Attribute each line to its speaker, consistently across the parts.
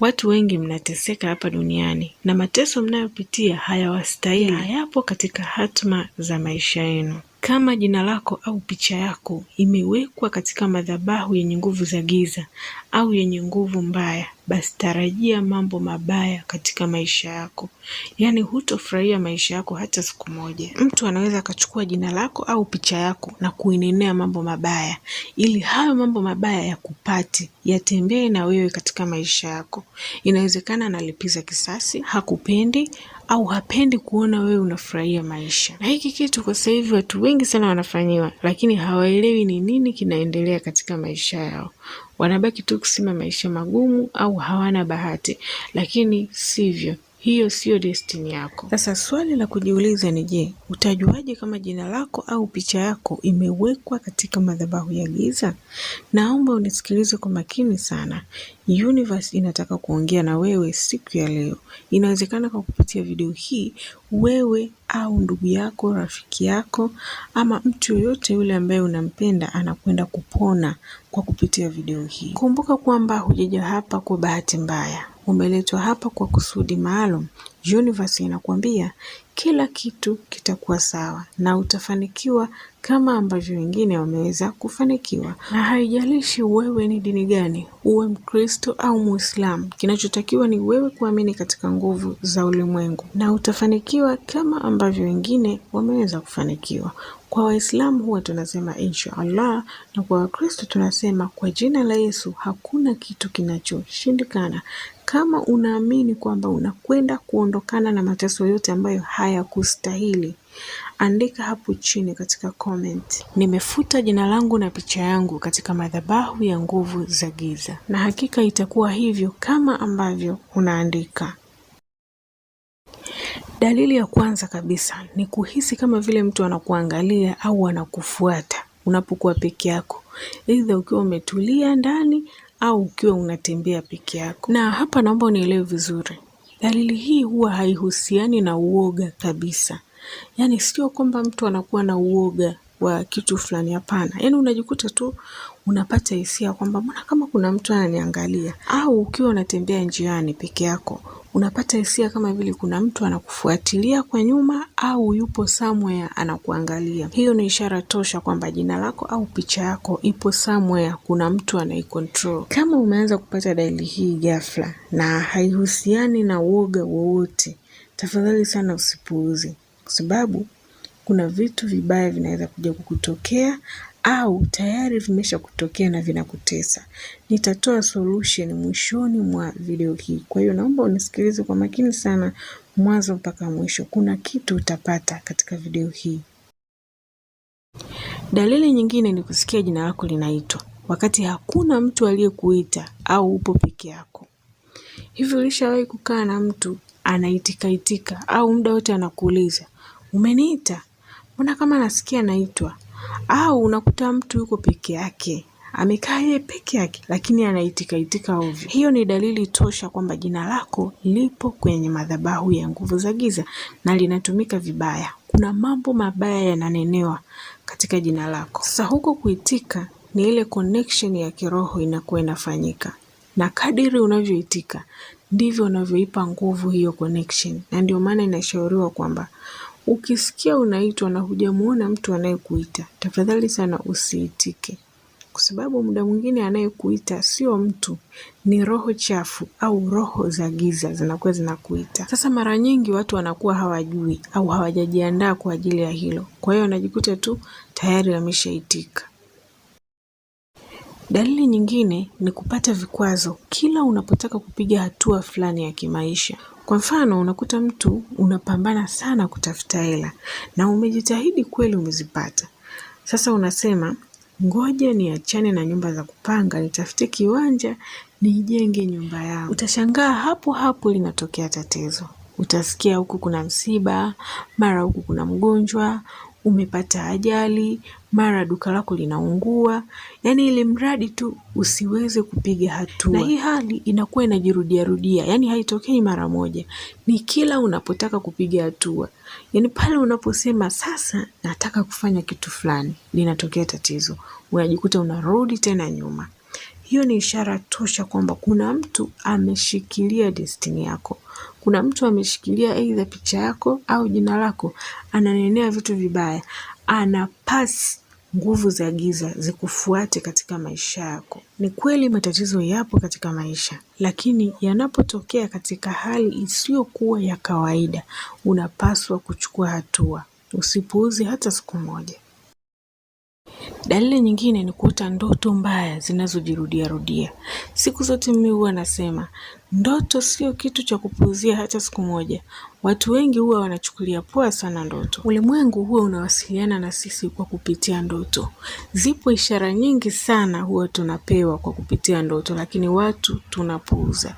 Speaker 1: Watu wengi mnateseka hapa duniani na mateso mnayopitia hayawastahili, hayapo katika hatma za maisha yenu. Kama jina lako au picha yako imewekwa katika madhabahu yenye nguvu za giza au yenye nguvu mbaya, basi tarajia mambo mabaya katika maisha yako, yaani hutofurahia maisha yako hata siku moja. Mtu anaweza akachukua jina lako au picha yako na kuinenea mambo mabaya, ili hayo mambo mabaya yakupate, yatembee na wewe katika maisha yako. Inawezekana analipiza kisasi, hakupendi au hapendi kuona wewe unafurahia maisha. Na hiki kitu kwa sasa hivi watu wengi sana wanafanyiwa, lakini hawaelewi ni nini kinaendelea katika maisha yao wanabaki tu kusema maisha magumu au hawana bahati, lakini sivyo. Hiyo siyo destini yako. Sasa swali la kujiuliza ni je, utajuaje kama jina lako au picha yako imewekwa katika madhabahu ya giza? Naomba unisikilize kwa makini sana. Universe inataka kuongea na wewe siku ya leo. Inawezekana kwa kupitia video hii wewe au ndugu yako, rafiki yako ama mtu yoyote yule ambaye unampenda anakwenda kupona kwa kupitia video hii. Kumbuka kwamba hujaja hapa kwa bahati mbaya, umeletwa hapa kwa kusudi maalum. Universe inakwambia kila kitu kitakuwa sawa na utafanikiwa kama ambavyo wengine wameweza kufanikiwa, na haijalishi wewe ni dini gani, uwe Mkristo au Muislamu, kinachotakiwa ni wewe kuamini katika nguvu za ulimwengu na utafanikiwa kama ambavyo wengine wameweza kufanikiwa. Kwa Waislamu huwa tunasema insha Allah, na kwa Wakristo tunasema kwa jina la Yesu. Hakuna kitu kinachoshindikana kama unaamini kwamba unakwenda kuondokana na mateso yote ambayo hayakustahili andika hapo chini katika comment, nimefuta jina langu na picha yangu katika madhabahu ya nguvu za giza, na hakika itakuwa hivyo kama ambavyo unaandika. Dalili ya kwanza kabisa ni kuhisi kama vile mtu anakuangalia au anakufuata unapokuwa peke yako, aidha ukiwa umetulia ndani au ukiwa unatembea peke yako. Na hapa naomba unielewe vizuri, dalili hii huwa haihusiani na uoga kabisa yani sio kwamba mtu anakuwa na uoga wa kitu fulani, hapana. Yani unajikuta tu unapata hisia kwamba mbona kama kuna mtu ananiangalia, au ukiwa unatembea njiani peke yako unapata hisia kama vile kuna mtu anakufuatilia kwa nyuma au yupo somewhere anakuangalia. Hiyo ni ishara tosha kwamba jina lako au picha yako ipo somewhere, kuna mtu anaikontrol. Kama umeanza kupata dalili hii ghafla na haihusiani na uoga wowote, tafadhali sana usipuuze kwa sababu kuna vitu vibaya vinaweza kuja kukutokea au tayari vimesha kutokea na vinakutesa. Nitatoa solution mwishoni mwa video hii. Kwa hiyo naomba unisikilize kwa makini sana mwanzo mpaka mwisho. Kuna kitu utapata katika video hii. Dalili nyingine ni kusikia jina lako linaitwa wakati hakuna mtu aliyekuita au upo peke yako. Hivi ulishawahi kukaa na mtu anaitikaitika au muda wote anakuuliza umeniita mbona kama nasikia naitwa au unakuta mtu yuko peke yake amekaa yeye peke yake lakini anaitikaitika ovyo. Hiyo ni dalili tosha kwamba jina lako lipo kwenye madhabahu ya nguvu za giza na linatumika vibaya. Kuna mambo mabaya yananenewa katika jina lako. Sasa huko kuitika ni ile connection ya kiroho inakuwa inafanyika, na kadiri unavyoitika ndivyo unavyoipa nguvu hiyo connection, na ndio maana inashauriwa kwamba Ukisikia unaitwa na hujamuona mtu anayekuita, tafadhali sana usiitike, kwa sababu muda mwingine anayekuita sio mtu, ni roho chafu au roho za giza zinakuwa zinakuita. Sasa mara nyingi watu wanakuwa hawajui au hawajajiandaa kwa ajili ya hilo, kwa hiyo wanajikuta tu tayari ameshaitika. Dalili nyingine ni kupata vikwazo kila unapotaka kupiga hatua fulani ya kimaisha. Kwa mfano unakuta mtu unapambana sana kutafuta hela na umejitahidi kweli umezipata. Sasa unasema ngoja niachane na nyumba za kupanga nitafute kiwanja niijenge nyumba yangu. Utashangaa hapo hapo linatokea tatizo. Utasikia huku kuna msiba, mara huku kuna mgonjwa, umepata ajali, mara duka lako linaungua, yani ili mradi tu usiweze kupiga hatua. Na hii hali inakuwa inajirudia rudia, yani haitokei mara moja, ni kila unapotaka kupiga hatua, yani pale unaposema sasa nataka kufanya kitu fulani, linatokea tatizo, unajikuta unarudi tena nyuma hiyo ni ishara tosha kwamba kuna mtu ameshikilia destini yako. Kuna mtu ameshikilia aidha picha yako au jina lako, ananenea vitu vibaya, pasi nguvu za giza zikufuate katika maisha yako. Ni kweli matatizo yapo katika maisha, lakini yanapotokea katika hali isiyokuwa ya kawaida, unapaswa kuchukua hatua. usipuuzi hata siku moja. Dalili nyingine ni kuota ndoto mbaya zinazojirudia rudia Siku zote mimi huwa nasema ndoto sio kitu cha kupuuzia hata siku moja. Watu wengi huwa wanachukulia poa sana ndoto. Ulimwengu huwa unawasiliana na sisi kwa kupitia ndoto. Zipo ishara nyingi sana huwa tunapewa kwa kupitia ndoto, lakini watu tunapuuza.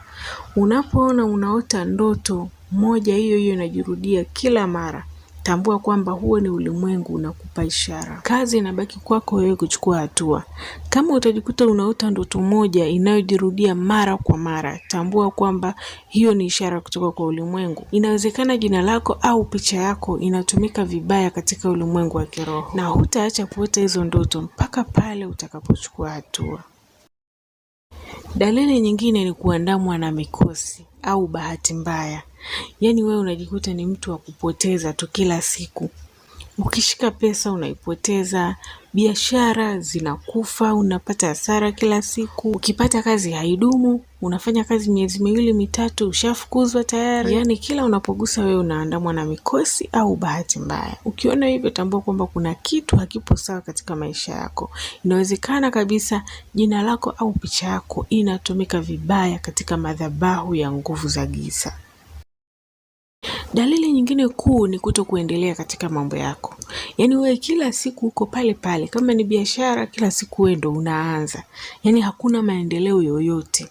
Speaker 1: Unapoona unaota ndoto moja hiyo hiyo inajirudia kila mara, tambua kwamba huo ni ulimwengu unakupa ishara. Kazi inabaki kwako wewe kuchukua hatua. Kama utajikuta unaota ndoto moja inayojirudia mara kwa mara, tambua kwamba hiyo ni ishara kutoka kwa ulimwengu. Inawezekana jina lako au picha yako inatumika vibaya katika ulimwengu wa kiroho, na hutaacha kuota hizo ndoto mpaka pale utakapochukua hatua. Dalili nyingine ni kuandamwa na mikosi au bahati mbaya. Yaani wewe unajikuta ni mtu wa kupoteza tu kila siku, ukishika pesa unaipoteza, biashara zinakufa, unapata hasara kila siku, ukipata kazi haidumu, unafanya kazi miezi miwili mitatu, ushafukuzwa tayari. Yaani kila unapogusa wewe unaandamwa na mikosi au bahati mbaya. Ukiona hivyo, tambua kwamba kuna kitu hakipo sawa katika maisha yako. Inawezekana kabisa jina lako au picha yako inatumika vibaya katika madhabahu ya nguvu za giza. Dalili nyingine kuu ni kuto kuendelea katika mambo yako. Yaani wewe kila siku uko pale pale, kama ni biashara kila siku wewe ndo unaanza. Yaani hakuna maendeleo yoyote.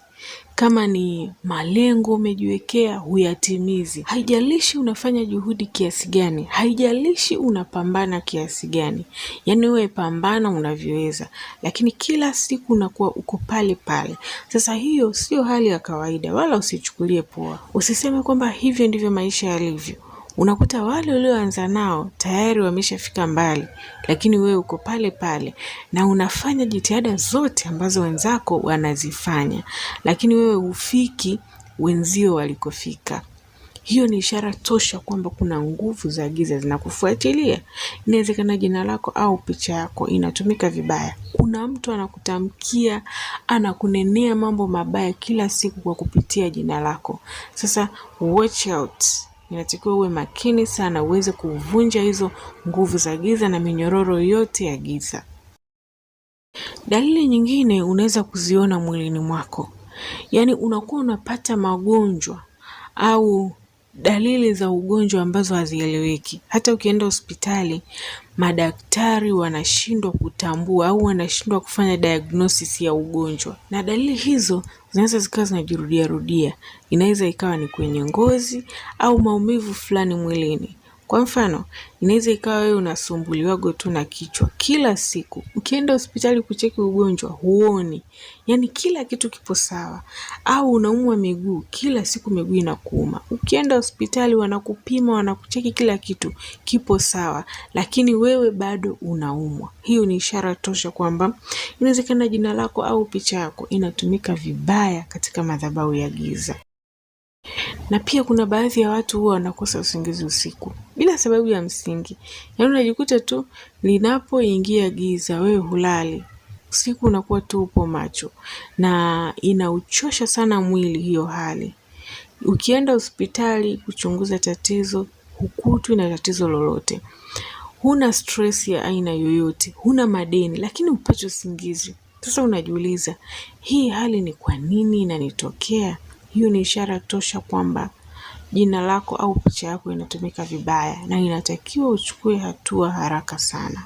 Speaker 1: Kama ni malengo umejiwekea huyatimizi, haijalishi unafanya juhudi kiasi gani, haijalishi unapambana kiasi gani, yaani wewe pambana unavyoweza, lakini kila siku unakuwa uko pale pale. Sasa hiyo sio hali ya kawaida, wala usichukulie poa, usiseme kwamba hivyo ndivyo maisha yalivyo. Unakuta wale ulioanza nao tayari wameshafika mbali, lakini wewe uko pale pale na unafanya jitihada zote ambazo wenzako wanazifanya, lakini wewe hufiki wenzio walikofika. Hiyo ni ishara tosha kwamba kuna nguvu za giza zinakufuatilia. Inawezekana jina lako au picha yako inatumika vibaya. Kuna mtu anakutamkia, anakunenea mambo mabaya kila siku kwa kupitia jina lako. Sasa watch out inatakiwa uwe makini sana uweze kuvunja hizo nguvu za giza na minyororo yote ya giza. Dalili nyingine unaweza kuziona mwilini mwako, yaani unakuwa unapata magonjwa au dalili za ugonjwa ambazo hazieleweki. Hata ukienda hospitali, madaktari wanashindwa kutambua au wanashindwa kufanya diagnosis ya ugonjwa, na dalili hizo zinaweza zikawa zinajirudiarudia, inaweza ikawa ni kwenye ngozi au maumivu fulani mwilini. Kwa mfano, inaweza ikawa wewe unasumbuliwago tu na kichwa kila siku, ukienda hospitali kucheki ugonjwa huoni, yaani kila kitu kipo sawa. Au unaumwa miguu, kila siku miguu inakuuma, ukienda hospitali wanakupima, wanakucheki kila kitu kipo sawa, lakini wewe bado unaumwa. Hiyo ni ishara tosha kwamba inawezekana jina lako au picha yako inatumika vibaya katika madhabahu ya giza. Na pia kuna baadhi ya watu huwa wanakosa usingizi usiku bila sababu ya msingi. Yaani unajikuta tu linapoingia giza wewe hulali. Usiku unakuwa tu upo macho na inauchosha sana mwili hiyo hali. Ukienda hospitali kuchunguza tatizo hukutwi na tatizo lolote. Huna stress ya aina yoyote, huna madeni lakini upate usingizi. Sasa unajiuliza, hii hali ni kwa nini inanitokea? hiyo ni ishara tosha kwamba jina lako au picha yako inatumika vibaya na inatakiwa uchukue hatua haraka sana.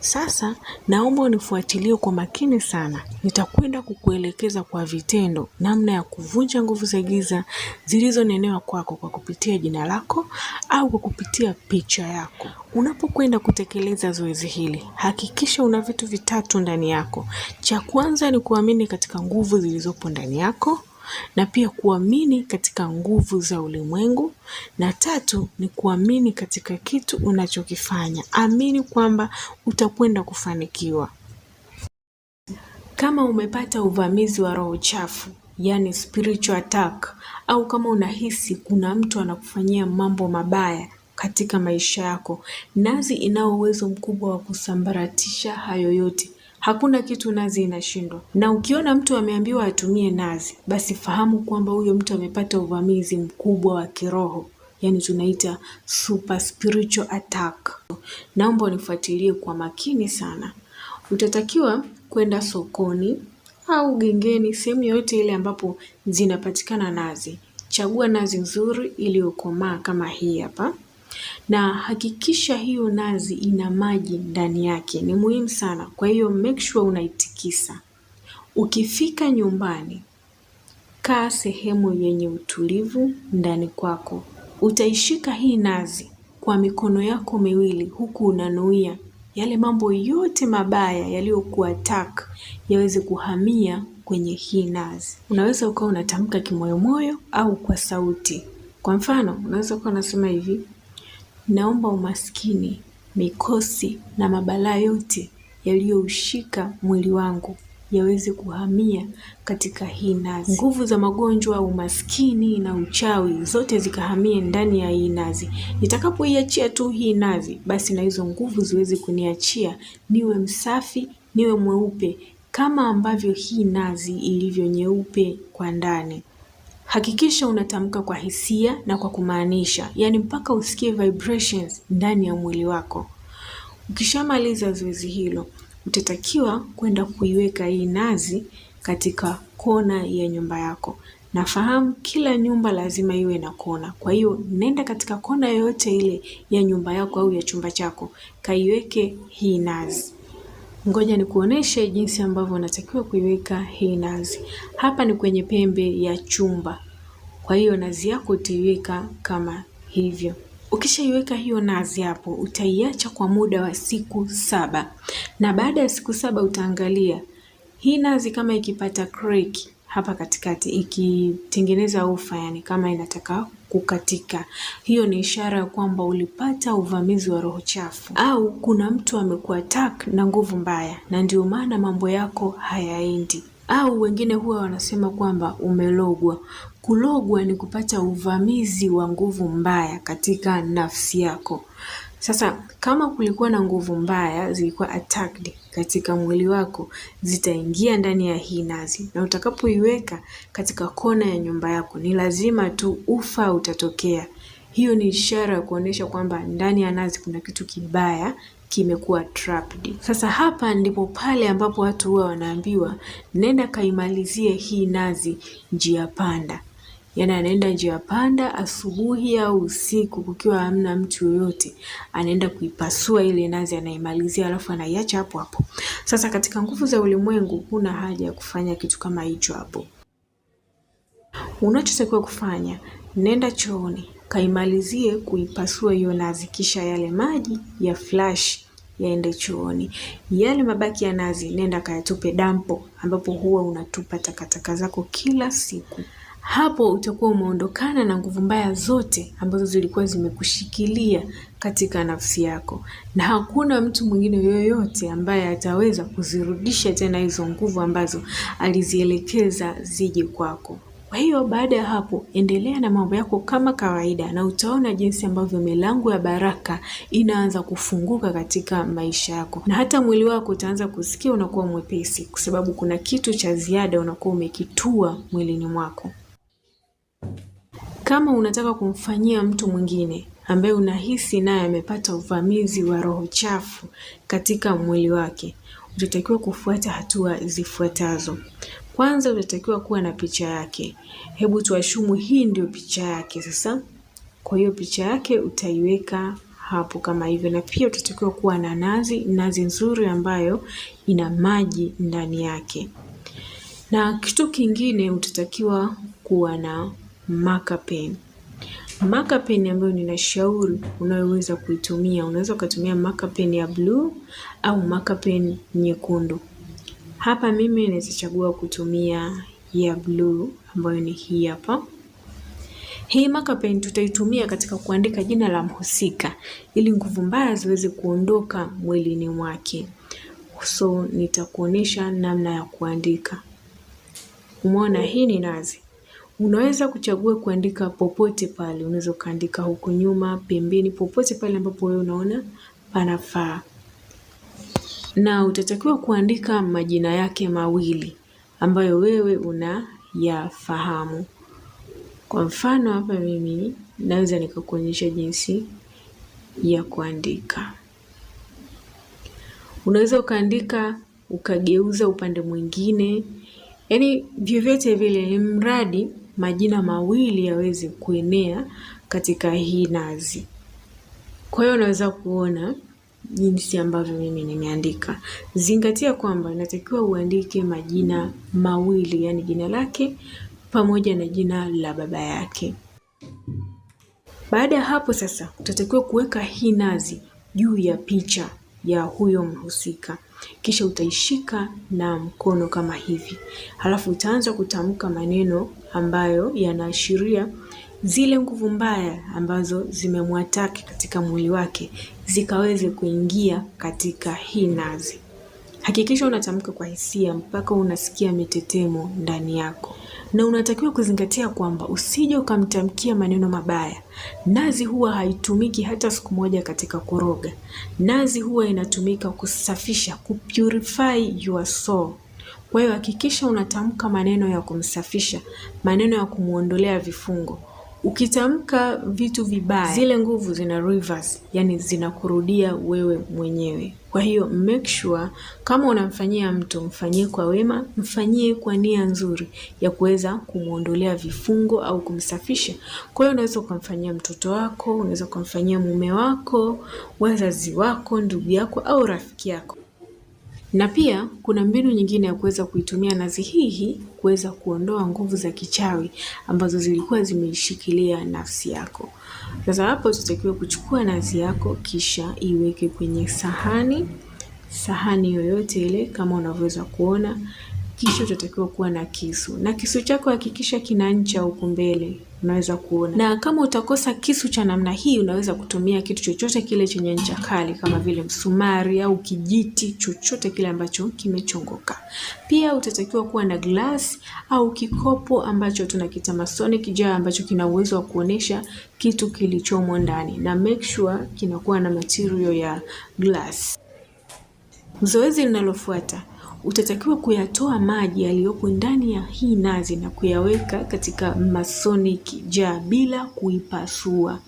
Speaker 1: Sasa naomba unifuatilie kwa makini sana. Nitakwenda kukuelekeza kwa vitendo namna ya kuvunja nguvu za giza zilizonenewa kwako kwa kupitia jina lako au kwa kupitia picha yako. Unapokwenda kutekeleza zoezi hili, hakikisha una vitu vitatu ndani yako. Cha kwanza ni kuamini katika nguvu zilizopo ndani yako na pia kuamini katika nguvu za ulimwengu, na tatu ni kuamini katika kitu unachokifanya. Amini kwamba utakwenda kufanikiwa. Kama umepata uvamizi wa roho chafu, yani spiritual attack, au kama unahisi kuna mtu anakufanyia mambo mabaya katika maisha yako, nazi inao uwezo mkubwa wa kusambaratisha hayo yote. Hakuna kitu nazi inashindwa. Na ukiona mtu ameambiwa atumie nazi, basi fahamu kwamba huyo mtu amepata uvamizi mkubwa wa kiroho, yani tunaita super spiritual attack. Naomba unifuatilie kwa makini sana. Utatakiwa kwenda sokoni au gengeni, sehemu yoyote ile ambapo zinapatikana nazi. Chagua nazi nzuri iliyokomaa kama hii hapa na hakikisha hiyo nazi ina maji ndani yake, ni muhimu sana. Kwa hiyo make sure unaitikisa. Ukifika nyumbani, kaa sehemu yenye utulivu ndani kwako, utaishika hii nazi kwa mikono yako miwili, huku unanuia yale mambo yote mabaya yaliyokuwa tak yaweze kuhamia kwenye hii nazi. Unaweza ukawa unatamka kimoyomoyo au kwa sauti. Kwa mfano, unaweza ukawa unasema hivi naomba umaskini, mikosi na mabalaa yote yaliyoushika mwili wangu yaweze kuhamia katika hii nazi. Nguvu za magonjwa, umaskini na uchawi zote zikahamie ndani ya hii nazi. Nitakapoiachia tu hii nazi, basi na hizo nguvu ziweze kuniachia, niwe msafi, niwe mweupe kama ambavyo hii nazi ilivyo nyeupe kwa ndani. Hakikisha unatamka kwa hisia na kwa kumaanisha, yaani mpaka usikie vibrations ndani ya mwili wako. Ukishamaliza zoezi hilo, utatakiwa kwenda kuiweka hii nazi katika kona ya nyumba yako. Nafahamu kila nyumba lazima iwe na kona, kwa hiyo nenda katika kona yoyote ile ya nyumba yako au ya chumba chako, kaiweke hii nazi. Ngoja ni kuoneshe jinsi ambavyo unatakiwa kuiweka hii nazi. Hapa ni kwenye pembe ya chumba, kwa hiyo nazi yako utaiweka kama hivyo. Ukishaiweka hiyo nazi hapo, utaiacha kwa muda wa siku saba, na baada ya siku saba utaangalia hii nazi kama ikipata crack hapa katikati, ikitengeneza ufa, yani kama inataka kukatika. Hiyo ni ishara ya kwamba ulipata uvamizi wa roho chafu, au kuna mtu amekuattack na nguvu mbaya, na ndio maana mambo yako hayaendi. Au wengine huwa wanasema kwamba umelogwa. Kulogwa ni kupata uvamizi wa nguvu mbaya katika nafsi yako. Sasa kama kulikuwa na nguvu mbaya zilikuwa attacked katika mwili wako, zitaingia ndani ya hii nazi, na utakapoiweka katika kona ya nyumba yako, ni lazima tu ufa utatokea. Hiyo ni ishara ya kuonyesha kwamba ndani ya nazi kuna kitu kibaya kimekuwa trapped. Sasa hapa ndipo pale ambapo watu huwa wanaambiwa nenda kaimalizie hii nazi njia panda yani anaenda njia panda asubuhi au usiku kukiwa hamna mtu yoyote, anaenda kuipasua ile nazi, anaimalizia alafu anaiacha hapo hapo. Sasa katika nguvu za ulimwengu huna haja ya kufanya kitu kama hicho hapo. Unachotakiwa kufanya, nenda chooni kaimalizie kuipasua hiyo nazi, kisha yale maji ya flash yaende chooni. Yale mabaki ya nazi nenda kayatupe dampo, ambapo huwa unatupa takataka zako kila siku. Hapo utakuwa umeondokana na nguvu mbaya zote ambazo zilikuwa zimekushikilia katika nafsi yako, na hakuna mtu mwingine yoyote ambaye ataweza kuzirudisha tena hizo nguvu ambazo alizielekeza zije kwako. Kwa hiyo baada ya hapo, endelea na mambo yako kama kawaida, na utaona jinsi ambavyo milango ya baraka inaanza kufunguka katika maisha yako, na hata mwili wako utaanza kusikia unakuwa mwepesi, kwa sababu kuna kitu cha ziada unakuwa umekitua mwilini mwako. Kama unataka kumfanyia mtu mwingine ambaye unahisi naye amepata uvamizi wa roho chafu katika mwili wake, utatakiwa kufuata hatua zifuatazo. Kwanza, utatakiwa kuwa na picha yake. Hebu tuashumu hii ndio picha yake sasa. Kwa hiyo picha yake utaiweka hapo kama hivyo, na pia utatakiwa kuwa na nazi, nazi nzuri ambayo ina maji ndani yake. Na kitu kingine utatakiwa kuwa na marker pen. Marker pen ambayo ninashauri unayoweza kuitumia, unaweza ukatumia marker pen ya bluu au marker pen nyekundu. Hapa mimi nitachagua kutumia ya bluu ambayo ni hii hapa. Hii marker pen tutaitumia katika kuandika jina la mhusika ili nguvu mbaya ziweze kuondoka mwilini mwake. So nitakuonesha namna ya kuandika. Umeona, hii ni nazi. Unaweza kuchagua kuandika popote pale, unaweza ukaandika huku nyuma, pembeni, popote pale ambapo wewe unaona panafaa, na utatakiwa kuandika majina yake mawili ambayo wewe unayafahamu. Kwa mfano hapa mimi naweza nikakuonyesha jinsi ya kuandika. Unaweza ukaandika ukageuza upande mwingine, yaani vyovyote vile, ni mradi majina mawili yaweze kuenea katika hii nazi. Kwa hiyo unaweza kuona jinsi ambavyo mimi nimeandika. Zingatia kwamba inatakiwa uandike majina mawili, yaani jina lake pamoja na jina la baba yake. Baada ya hapo sasa, utatakiwa kuweka hii nazi juu ya picha ya huyo mhusika, kisha utaishika na mkono kama hivi, halafu utaanza kutamka maneno ambayo yanaashiria zile nguvu mbaya ambazo zimemwataki katika mwili wake zikaweze kuingia katika hii nazi. Hakikisha unatamka kwa hisia mpaka unasikia mitetemo ndani yako, na unatakiwa kuzingatia kwamba usije ukamtamkia maneno mabaya. Nazi huwa haitumiki hata siku moja katika kuroga. Nazi huwa inatumika kusafisha, kupurify your soul. Kwa hiyo hakikisha unatamka maneno ya kumsafisha, maneno ya kumwondolea vifungo. Ukitamka vitu vibaya, zile nguvu zina reverse, yani zinakurudia wewe mwenyewe. Kwa hiyo make sure kama unamfanyia mtu, mfanyie kwa wema, mfanyie kwa nia nzuri ya kuweza kumwondolea vifungo au kumsafisha. Kwa hiyo unaweza ukamfanyia mtoto wako, unaweza ukamfanyia mume wako, wazazi wako, ndugu yako au rafiki yako. Na pia kuna mbinu nyingine ya kuweza kuitumia nazi hii hii kuweza kuondoa nguvu za kichawi ambazo zilikuwa zimeishikilia nafsi yako. Sasa hapo tutakiwa kuchukua nazi yako, kisha iweke kwenye sahani, sahani yoyote ile kama unavyoweza kuona, kisha utatakiwa kuwa na kisu, na kisu chako hakikisha kina ncha huku mbele unaweza kuona, na kama utakosa kisu cha namna hii, unaweza kutumia kitu chochote kile chenye ncha kali kama vile msumari au kijiti, chochote kile ambacho kimechongoka. Pia utatakiwa kuwa na glasi au kikopo ambacho tunakita Masonic jar, ambacho kina uwezo wa kuonesha kitu kilichomo ndani, na make sure kinakuwa na material ya glass. Zoezi linalofuata utatakiwa kuyatoa maji yaliyopo ndani ya hii nazi na kuyaweka katika masonic jar bila kuipasua.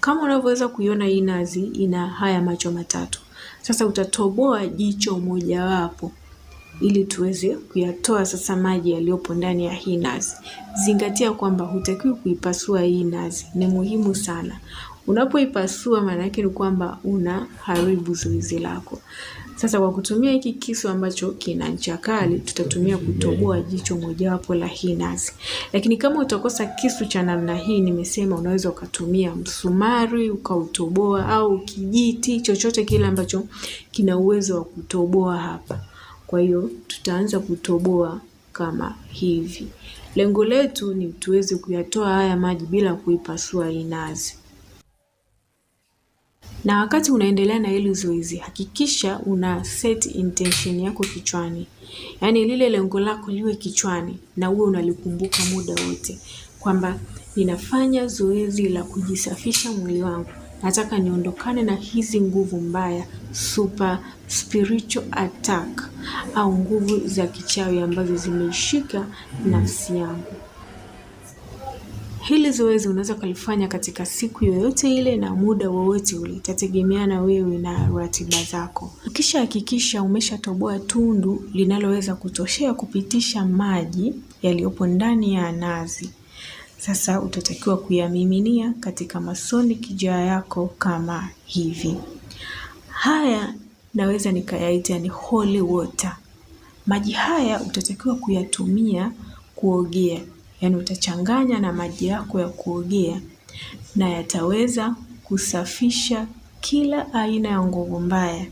Speaker 1: Kama unavyoweza kuiona hii nazi ina haya macho matatu. Sasa utatoboa jicho mojawapo ili tuweze kuyatoa sasa maji yaliyopo ndani ya hii nazi. Zingatia kwamba hutakiwi kuipasua hii nazi, ni muhimu sana. Unapoipasua maana yake ni kwamba unaharibu zoezi lako. Sasa kwa kutumia hiki kisu ambacho kina ncha kali, tutatumia kutoboa jicho mojawapo la hii nazi. Lakini kama utakosa kisu cha namna hii, nimesema unaweza ukatumia msumari ukautoboa, au kijiti chochote kile ambacho kina uwezo wa kutoboa hapa. Kwa hiyo tutaanza kutoboa kama hivi. Lengo letu ni tuweze kuyatoa haya maji bila kuipasua hii nazi. Na wakati unaendelea na hili zoezi, hakikisha una set intention yako kichwani, yaani lile lengo lako liwe kichwani na uwe unalikumbuka muda wote kwamba ninafanya zoezi la kujisafisha mwili wangu, nataka niondokane na hizi nguvu mbaya, super spiritual attack au nguvu za kichawi ambazo zimeishika nafsi yangu. Hili zoezi unaweza ukalifanya katika siku yoyote ile na muda wowote ule, itategemeana wewe na ratiba zako. Ukisha hakikisha umeshatoboa tundu linaloweza kutoshea kupitisha maji yaliyopo ndani ya nazi, sasa utatakiwa kuyamiminia katika masoni kijaa yako kama hivi. Haya naweza nikayaita ni holy water. Maji haya utatakiwa kuyatumia kuogea yani utachanganya na maji yako ya kuogea na yataweza kusafisha kila aina ya nguvu mbaya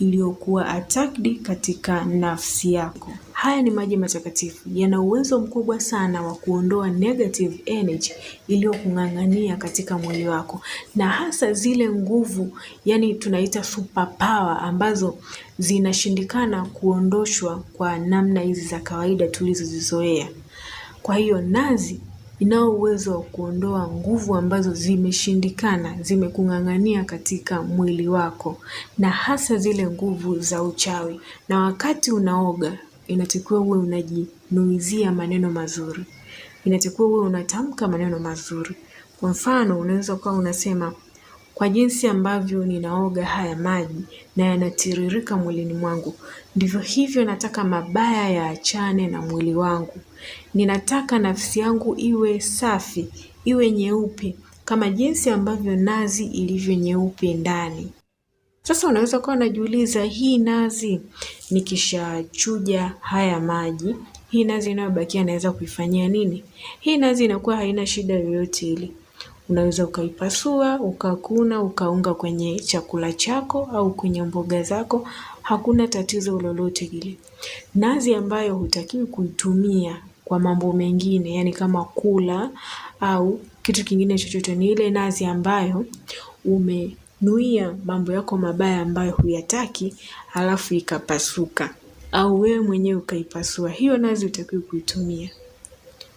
Speaker 1: iliyokuwa attacked katika nafsi yako. Haya ni maji matakatifu, yana uwezo mkubwa sana wa kuondoa negative energy iliyokung'ang'ania katika mwili wako, na hasa zile nguvu, yani tunaita super power, ambazo zinashindikana kuondoshwa kwa namna hizi za kawaida tulizozizoea. Kwa hiyo nazi inao uwezo wa kuondoa nguvu ambazo zimeshindikana zimekung'ang'ania katika mwili wako na hasa zile nguvu za uchawi, na wakati unaoga inatakiwa uwe unajinuizia maneno mazuri, inatakiwa uwe unatamka maneno mazuri. Kwa mfano unaweza ukawa unasema kwa jinsi ambavyo ninaoga haya maji na yanatiririka mwilini mwangu, ndivyo hivyo nataka mabaya yaachane na mwili wangu. Ninataka nafsi yangu iwe safi, iwe nyeupe, kama jinsi ambavyo nazi ilivyo nyeupe ndani. Sasa unaweza kuwa unajiuliza, hii nazi nikishachuja haya maji, hii nazi inayobakia naweza kuifanyia nini? Hii nazi inakuwa haina shida yoyote ile. Unaweza ukaipasua, ukakuna, ukaunga kwenye chakula chako au kwenye mboga zako, hakuna tatizo lolote lile. Nazi ambayo hutakiwi kuitumia kwa mambo mengine, yani kama kula au kitu kingine chochote, ni ile nazi ambayo umenuia mambo yako mabaya ambayo huyataki, alafu ikapasuka au wewe mwenyewe ukaipasua, hiyo nazi utakiwa kuitumia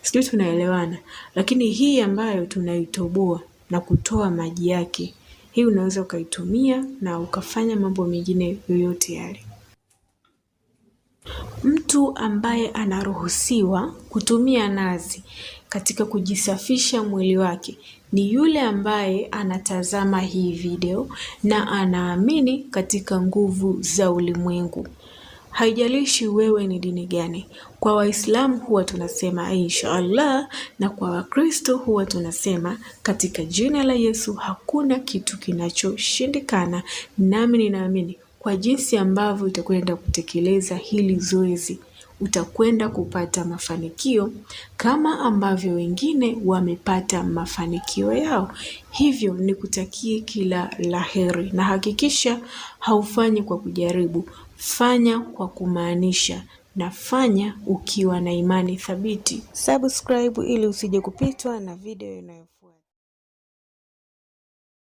Speaker 1: sijui tunaelewana. Lakini hii ambayo tunaitoboa na kutoa maji yake, hii unaweza ukaitumia na ukafanya mambo mengine yoyote yale. Mtu ambaye anaruhusiwa kutumia nazi katika kujisafisha mwili wake ni yule ambaye anatazama hii video na anaamini katika nguvu za ulimwengu. Haijalishi wewe ni dini gani. Kwa Waislamu huwa tunasema allah na kwa Wakristo huwa tunasema katika jina la Yesu. Hakuna kitu kinachoshindikana, nami ninaamini kwa jinsi ambavyo utakwenda kutekeleza hili zoezi utakwenda kupata mafanikio kama ambavyo wengine wamepata mafanikio yao. Hivyo nikutakie kila la heri, na hakikisha haufanyi kwa kujaribu, fanya kwa kumaanisha na fanya ukiwa na imani thabiti. Subscribe ili usije kupitwa na video inayo